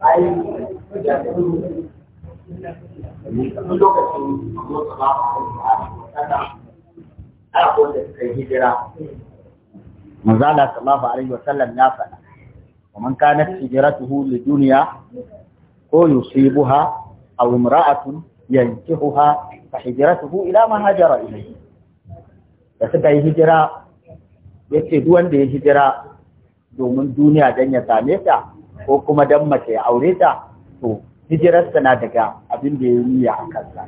ai da su ne lokacin mutu ba kada a wanda suka yi hijira manzala sallallahu alaihi wasallam ya faɗa ومن كانت هجرته لدنيا أو يصيبها أو امرأة ينكحها فهجرته da suka yi hijira ya ce duwanda ya hijira domin duniya don ya same ta ko kuma dan mace ya aure ta to hijirarsa na daga abin da ya niyya a kansa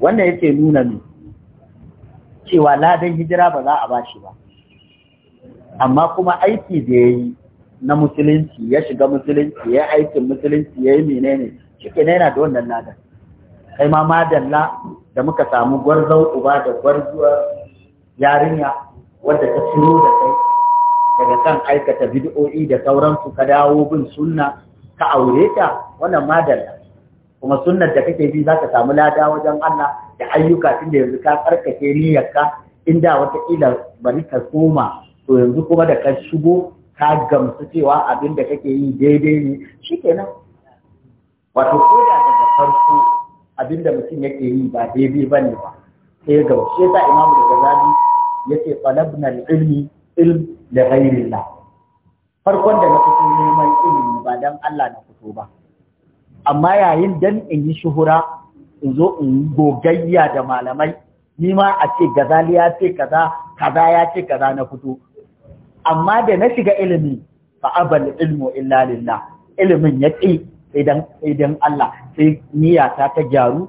wannan yake nuna ne cewa ladan hijira ba za a shi ba amma kuma aiki da ya yi na musulunci ya shiga musulunci ya aikin musulunci ya yi menene shi ke yana da wannan ladan kai ma madalla da muka samu gwarzon uba da gwarzuwar yarinya wadda ta ciro da ta daga kan aikata bid'o'i da sauransu ka dawo bin sunna ka aure ta wannan madalla kuma sunnar da kake bi zaka samu lada wajen Allah da ayyuka tun da yanzu ka karkace niyyarka inda wata ila bari ka koma to yanzu kuma da ka shigo ka gamsu cewa abin da kake yi daidai ne shikenan wato ko da daga farko abin da mutum yake yi ba daidai bane ba sai ga shi imamu da gazali yace talabna al-ilmi ilm da farkon da na fito neman ilimi ba dan Allah na fito ba amma yayin dan in yi shuhura in zo in gogayya da malamai ni ma a ce gazali ya ce kaza kaza ya ce kaza na fito amma da na shiga ilimi fa abal ilmu illa lillah ilimin ya ƙi idan idan Allah sai niyata ta gyaru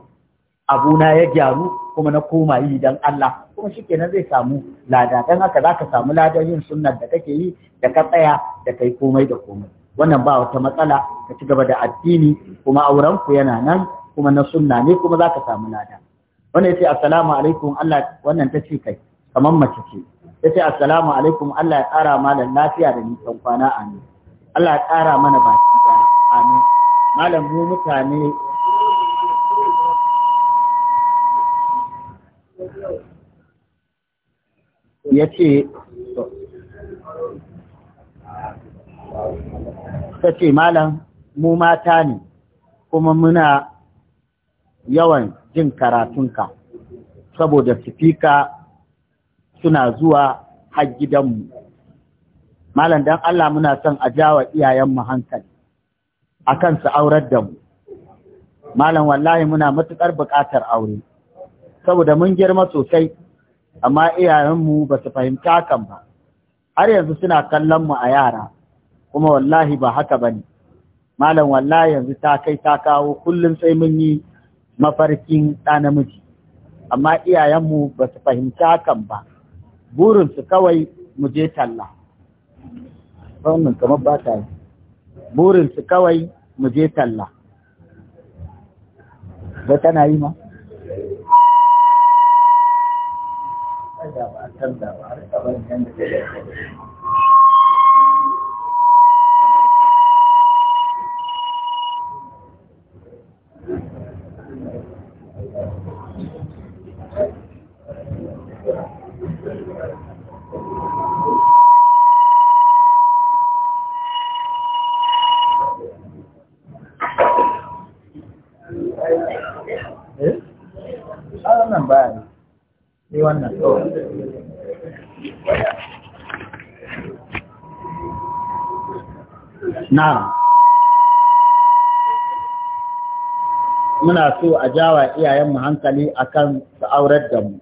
abuna ya gyaru kuma na koma yi dan Allah kuma kenan zai samu lada dan haka za ka samu lada yin sunnar da kake yi da ka tsaya da kai komai da komai wannan ba wata matsala ka ci gaba da addini kuma auren ku yana nan kuma na sunna ne kuma ka samu lada wannan yace assalamu alaikum Allah wannan ta ce kai kamar mace ce yace assalamu alaikum Allah ya tsara malam lafiya da nisan kwana amin Allah ya tsara mana baki amin malam mu mutane ya ce ta ce malam mu mata ne kuma muna yawan jin karatunka saboda sifika suna zuwa har gidanmu malam don Allah muna son a jawa iyayenmu hankali a kan su aurar da mu malam wallahi muna matuƙar buƙatar aure saboda mun girma sosai amma iyayenmu ba su fahimci hakan ba har yanzu suna kallon mu a yara kuma wallahi ba haka ba ne. malam wallahi yanzu ta kai ta kawo kullum sai mun yi mafarkin ɗa namiji amma iyayenmu ba su fahimci hakan ba burinsu kawai mu je talla burinsu kawai mu je talla ba tana yi ma được sallah ba har tsaron yadda ta da Eh? Ah, nampak. Iwan nak. na'am muna so a jawa iyayenmu hankali akan su aurar da mu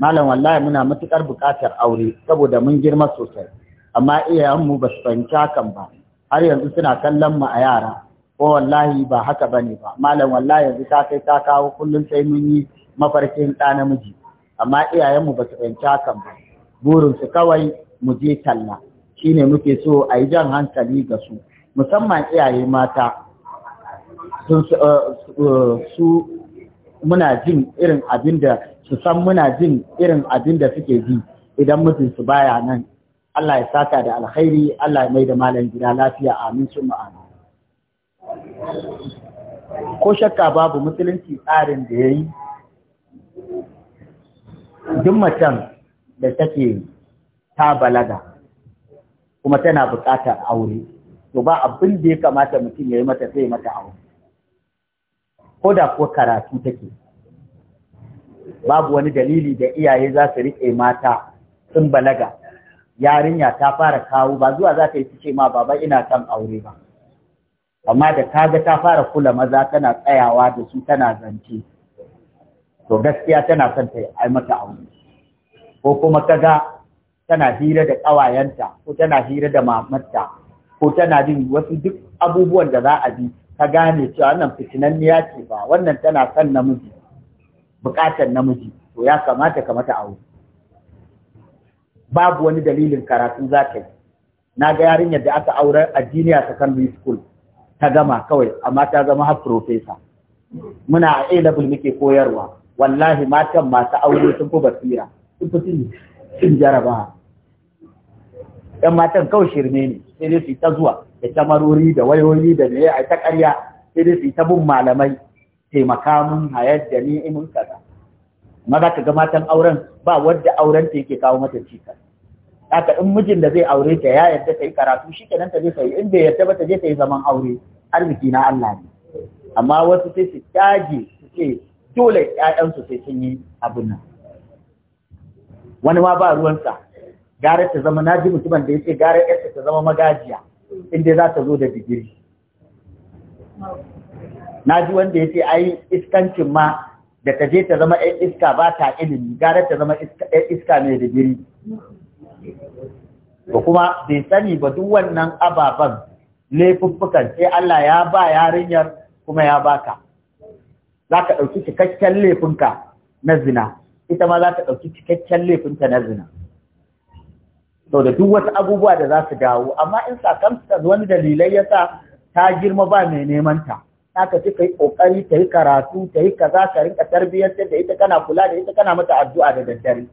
malam wallahi muna matukar buƙatar aure saboda mun girma sosai amma iyayenmu ba su fahimci hakan ba har yanzu suna kallon mu a yara ko wallahi ba haka bane ba malam wallahi yanzu ta kai ta kawo kullum sai mun yi mafarkin ɗa namiji amma iyayenmu ba su fahimci hakan ba burinsu kawai mu je talla shine muke so a yi jan hankali ga su musamman iyaye mata uh, su muna jin irin abin da su san muna jin irin abin da suke ji idan su baya nan Allah ya saka da alkhairi Allah ya mai da malam gida lafiya amin su ma'ana ko shakka babu musulunci tsarin da ya yi duk macen da take ta balaga kuma tana buƙatar aure to ba abin da ya kamata mutum ya yi mata sai mata aure ko da ko karatu take babu wani dalili da iyaye za su riƙe mata sun balaga yarinya ta fara kawo ba zuwa za ta yi fice ma baba ina kan aure ba amma da kaga ta fara kula maza tana tsayawa da su tana zance to gaskiya tana son ta yi mata aure ko kuma kaga tana hira da ƙawayenta ko tana hira da mamarta ko tana jin wasu duk abubuwan da za a bi ta gane cewa wannan fitinanniya ce ba wannan tana son namiji bukatar namiji to ya kamata ka mata aure babu wani dalilin karatu za ta yi na ga yarinyar da aka aure a junior secondary school ta gama kawai amma ta zama har professor muna a A-level muke koyarwa wallahi matan masu aure sun fi basira sun fi cin jarabawa yan matan kawai shirme ne sai dai su ta zuwa da tamarori da wayoyi da meye a ta ƙarya sai dai su ta bin malamai taimaka mun hayar da ni imin kaza amma za ka ga matan auren ba wanda auren ta yake kawo mata cikas haka in mijin da zai aure ta ya yarda ta yi karatu shi kenan ta zai ta yi in bai yarda ba ta je ta yi zaman aure arziki na Allah ne amma wasu sai su caji su ce dole ƴaƴansu sai sun yi abin nan wani ma ba ruwansa gara ta zama na ji mutumin da ya ce gara yarsa ta zama magajiya inda za ta zo da digiri naji wanda ya ce ai iskancin ma da ta je ta zama ‘yan iska ba ta ilimi gara ta zama ‘yan iska mai digiri ba kuma bai sani ba duk wannan ababen laifuffukan sai Allah ya ba yarinyar kuma ya baka za ka ɗauki cikakken laifinka na zina ita ma za ta ɗauki cikakken laifinta na zina sau da duk wasu abubuwa da za su dawo amma in circumstance wani dalilai ya sa ta girma ba mai neman ta ka ci ka yi ƙoƙari ta yi karatu ta yi kaza ka rinka tarbiyyar da ita kana kula da ita kana mata addu'a da daddare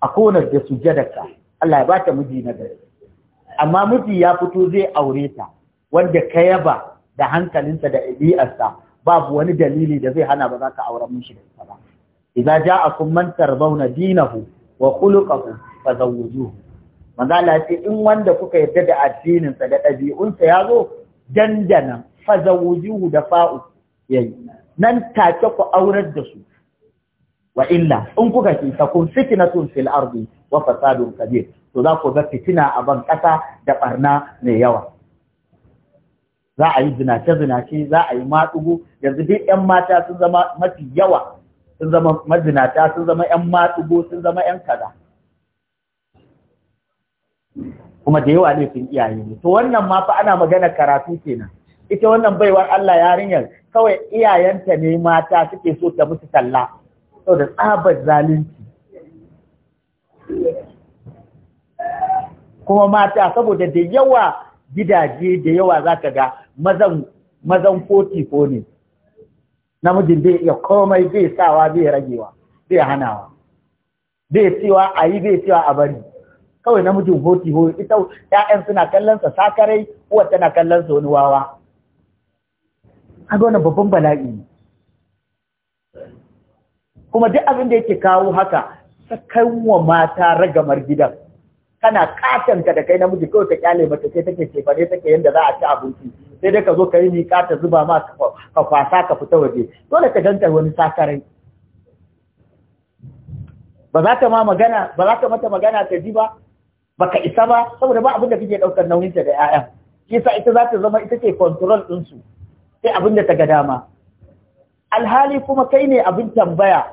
a kowane da ka, Allah ya bata miji na gari amma miji ya fito zai aure ta wanda ka yaba da hankalinsa da ɗabi'arsa babu wani dalili da zai hana ba za ka aure mishi da ita ba idza ja'akum man tarbawna dinahu wa khuluquhu fazawwijuhu manzo Allah ce in wanda kuka yadda da addinin sa da sa ya zo dandana zawujuhu da fa'u yayi nan take ku aurar da su wa illa in kuka ki kun fitnatun fil ardi wa fasadun kabir to za ku ga fitina a ban kasa da barna mai yawa za a yi zinace zinace za a yi matsugu yanzu duk yan mata sun zama mafi yawa sun zama mazinata sun zama yan matsugo sun zama yan kaza kuma da yawa laifin iyaye ne to wannan ma fa ana magana karatu kenan ita wannan baiwar Allah yarinyar kawai iyayenta ne mata suke so ta musu talla saboda tsabar zalunci kuma mata saboda da yawa gidaje da yawa za ka ga mazan mazan koti ko ne namijin zai iya komai zai sawa zai ragewa zai hanawa bai cewa a yi bai cewa a bari kawai namijin hoti ho ita ƴaƴan suna kallon sa sakarai uwar tana kallon sa wani wawa kaga wannan babban bala'i ne kuma duk abin da yake kawo haka sakan wa mata ragamar gidan kana katanta da kai namiji kawai ka kyale mata sai take cefane take yanda za a ci abinci sai dai ka zo ka yi miƙa ta zuba ma ka kwasa ka fita waje dole ka danta wani sakarai ba za ta ma magana ba za ta mata magana ta ji ba baka isa ba saboda ba abinda da kake daukar nauyin da ƴaƴan shi yasa ita za ta zama ita ce control din su sai abinda ta ga dama alhali kuma kai ne abin tambaya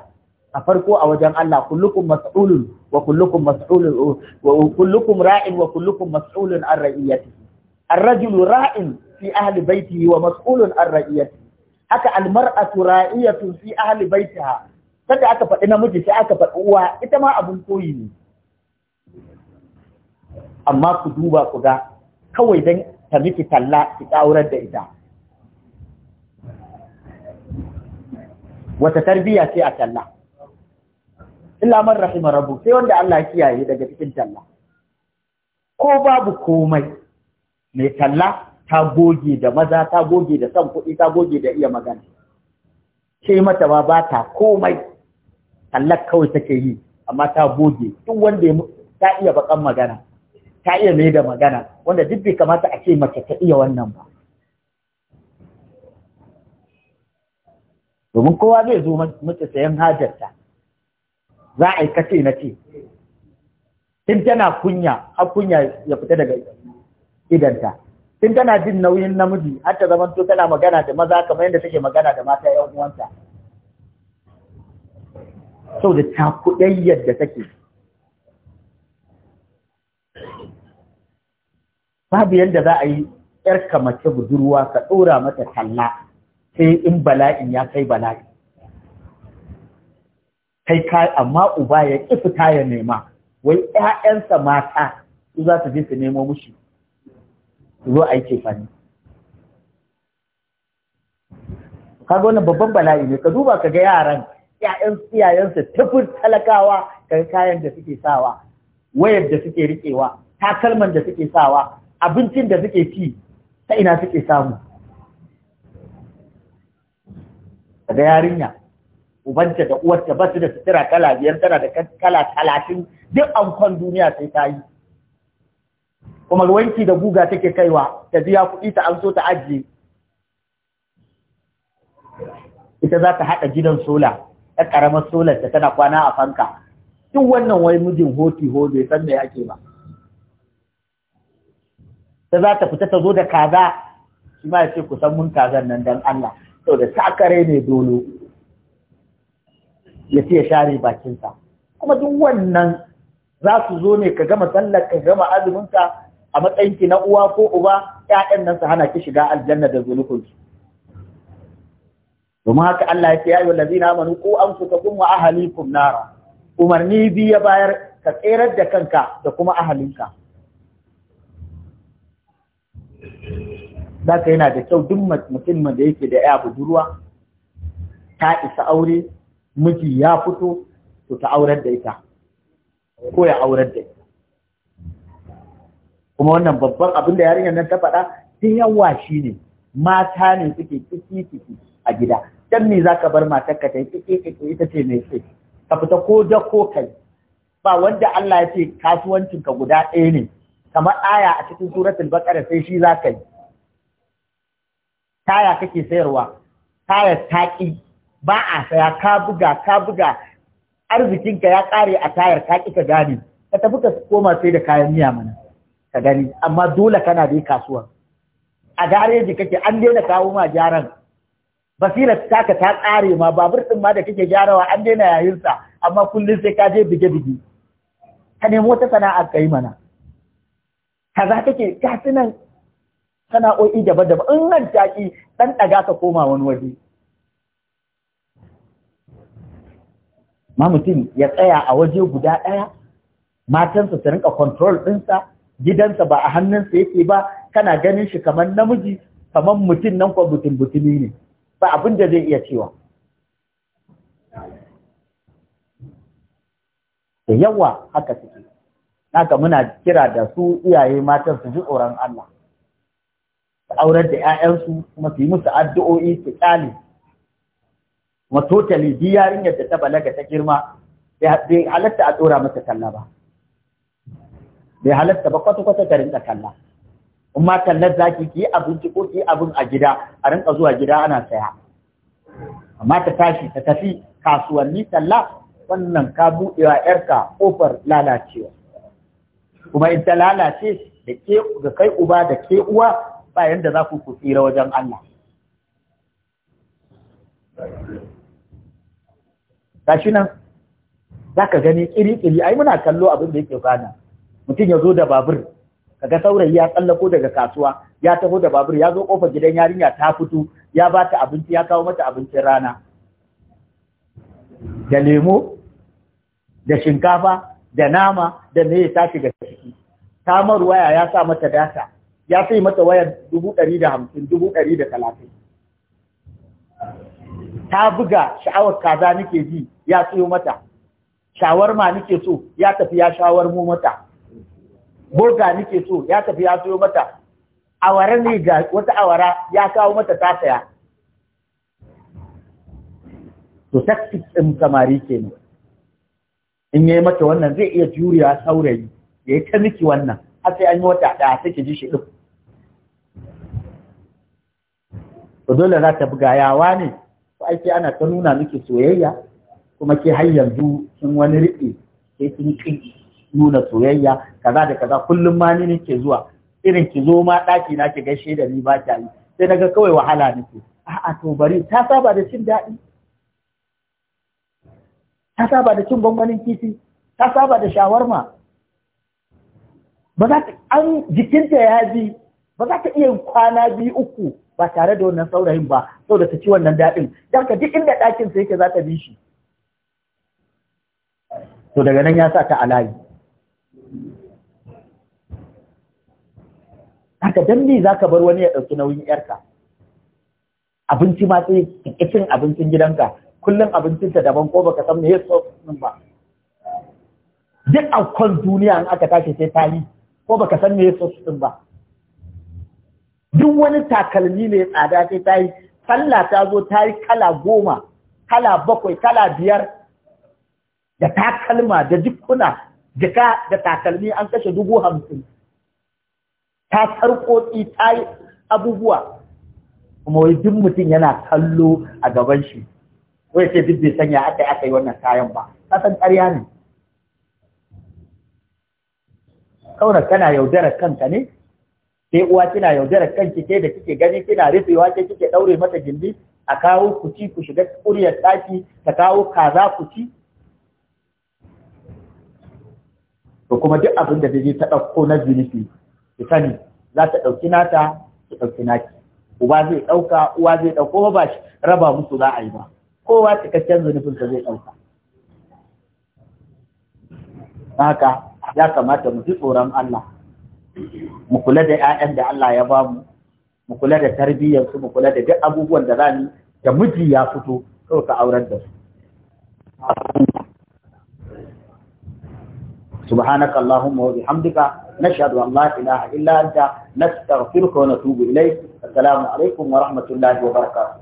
a farko a wajen Allah kullukum mas'ulun wa kullukum mas'ulun wa kullukum ra'in wa kullukum mas'ulun an ra'iyati ar-rajulu ra'in fi ahli baitihi wa mas'ulun an ra'iyati haka al-mar'atu ra'iyatu fi ahli baitiha sai aka faɗi namiji sai aka faɗi uwa ita ma abin koyi ne amma ku duba ku ga kawai don ta miki talla ki ƙaurar da ita wata tarbiyya ce a talla illa man rahima rabu sai wanda Allah kiyaye daga cikin talla ko babu komai mai talla ta goge da maza ta goge da san kuɗi ta goge da iya magana ke mata ma ba ta komai talla kawai take yi amma ta goge duk wanda ta iya bakan magana ta iya mai da magana wanda duk bai kamata a ce mace ta iya wannan ba domin kowa zai zo mace sayan hajarta za a yi kace na ce tun tana kunya har kunya ya fita daga idanta tun tana jin nauyin namiji har ta zama to tana magana da maza kamar yadda take magana da mata yan uwanta sau da ta kuɗayyar da take babu yadda za a yi yarka mace budurwa ka ɗora mata talla sai in bala'in ya kai bala'i kai ka amma uba ya ƙi fita ya nema wai ƴaƴansa mata su za su je su nemo mushi su zo a yi Ka ga wannan babban bala'i ne ka duba ka ga yaran ƴaƴan iyayensa, tafin talakawa kayan da suke sawa wayar da suke riƙewa takalman da suke sawa abincin da suke ci ta ina suke samu daga yarinya ubanta da uwarta ba su da sutura kala biyar tana da kala talatin duk amfan duniya sai ta yi kuma wanki da guga take kaiwa ta biya kuɗi ta amso ta ajiye ita za ta haɗa gidan sola ta ƙaramar solar ta tana kwana a fanka duk wannan wai mijin hoti ho bai san me ake ba ta za ta fita ta zo da kaza shi ma ya ce ku san mun kazan nan dan Allah saboda sakare ne dolo ya ce ya share bakinsa kuma duk wannan za su zo ne ka gama sallar ka gama azuminka a matsayinki na uwa ko uba ƴaƴan nan su hana ki shiga aljanna da zulukunki domin haka Allah ya ce ya yi wallazina amanu ku anfusakum wa ahlikum nara umarni biya bayar ka tserar da kanka da kuma ahalinka zaka yana da kyau duk mutum da yake da ya budurwa ta isa aure miji ya fito to ta aurar da ita ko ya aurar da ita kuma wannan babban abin da yarinyar nan ta faɗa sai yawa shi ne mata ne suke kiki-kiki a gida dan me ka bar matarka ta yi kiki-kiki ita ce mai ce ka fita ko da ko kai ba wanda Allah ya ce kasuwancinka guda ɗaya ne kamar aya a cikin suratul baqara sai shi ka yi taya kake sayarwa taya taƙi ba a saya ka buga ka buga arzikinka ya ƙare a tayar ka ka gane ka tafi ka koma sai da kayan miya mana ka gani amma dole kana da kasuwa a gareji kake an daina kawo ma gyaran ta taka ta ƙare ma babur ɗin ma da kake gyarawa an daina yayinsa amma kullum sai ka je bige-bige ka nemo wata sana'a ka mana kaza kake ka nan sana'o'i daban-daban in nan taki ɗan ɗaga ka koma wani waje ma mutum ya tsaya a waje guda ɗaya matansa su rinka control ɗinsa gidansa ba a hannunsa yake ba kana ganin shi kamar namiji kamar mutum nan kwa butun butumi ne ba abin da zai iya cewa da yawa haka suke haka muna kira da su iyaye matan su ji tsoron Allah su aurar da 'ya'yansu kuma yi musu addu'o'i su ƙali, kuma totali bi yarinyar da ta balaga ta girma bai halatta a tsora masa kalla ba bai halatta ba kwata-kwata ta rinka kalla in ma kallar zaki ki yi abinci ko ki yi abin a gida a rinka zuwa gida ana saya amma ta tashi ta tafi kasuwanni talla wannan ka buɗewa ‘yarka ƙofar lalacewa kuma in ta lalace da kai uba da ke uwa ba yadda za ku ku tsira wajen Allah shi nan za ka gani ƙiri-ƙiri ai muna kallo abin da yake kwana mutum ya zo da babur Ka ga saurayi ya tsallako daga kasuwa ya taho da babur ya zo ƙofar gidan yarinya ta fito ya ba ta abinci ya kawo mata abincin rana da lemo da shinkafa da nama da me ya tashi ga ciki kamar waya ya sa mata data ya sai mata wayar dubu ɗari da hamsin dubu ɗari da talatin ta buga sha'awar kaza nake ji ya siyo mata shawarma nake so ya tafi ya shawar mu mata burga nake so ya tafi ya siyo mata awara ne ga wata awara ya kawo mata ta saya to taktik ɗin samari kenan in yi mata wannan zai iya juriya saurayi ya yi ta miki wannan a sai an yi wata ɗaya sai ki ji shi ɗin to dole za ta buga yawa ne ko aiki ana ta nuna miki soyayya kuma ke har yanzu kin wani riƙe sai kin ƙi nuna soyayya kaza da kaza kullum ma ni nake zuwa irin ki zo ma ɗaki na ki gaishe da ni ba ki yi sai naga kawai wahala nake a'a to bari ta saba da cin daɗi ta saba da cin gwangwanin kifi ta saba da shawarma ba za ta an jikinta ya ji ba za ta iya kwana biyu uku ba tare da wannan saurayin ba da ta ci wannan daɗin don ka duk inda ɗakin sa yake za ta bi shi to daga nan ya sa ta alayi haka don me za ka bar wani ya ɗauki nauyin yarka abinci ma sai cin abincin gidanka kullum abincinta daban ko baka san me ya ba duk a kwan duniya in aka tashi sai ta yi ko baka san me ya ba duk wani takalmi ne tsada sai ta yi sallah ta zo ta yi kala goma kala bakwai kala biyar da takalma da jikuna jika da takalmi an kashe dubu hamsin ta sarƙoƙi ta yi abubuwa kuma wai duk mutum yana kallo a gaban shi wai sai duk bai sanya aka aka yi wannan kayan ba ka san ƙarya ne kauna kana yaudarar kanka ne Sai uwa kina yaudara kanki ke da kike gani kina rufewa ke kike daure mata gindi a kawo ku ci ku shiga kuryar ɗaki ta kawo kaza ku ci to kuma duk abin da zai ta ɗauko na zunubi ki sani za ta dauki nata ki dauki naki uba zai ɗauka uwa zai dauko ba ba raba musu za a yi ba kowa cikakken zunubinsa zai ɗauka haka ya kamata mu ji tsoron Allah mu kula da 'ya'yan da Allah ya bamu mu kula da tarbiyyar su mu kula da duk abubuwan da zamu da miji ya fito kawai ka aurar da su سبحانك اللهم وبحمدك نشهد illa لا إله إلا أنت نستغفرك ونتوب إليك السلام عليكم ورحمة الله وبركاته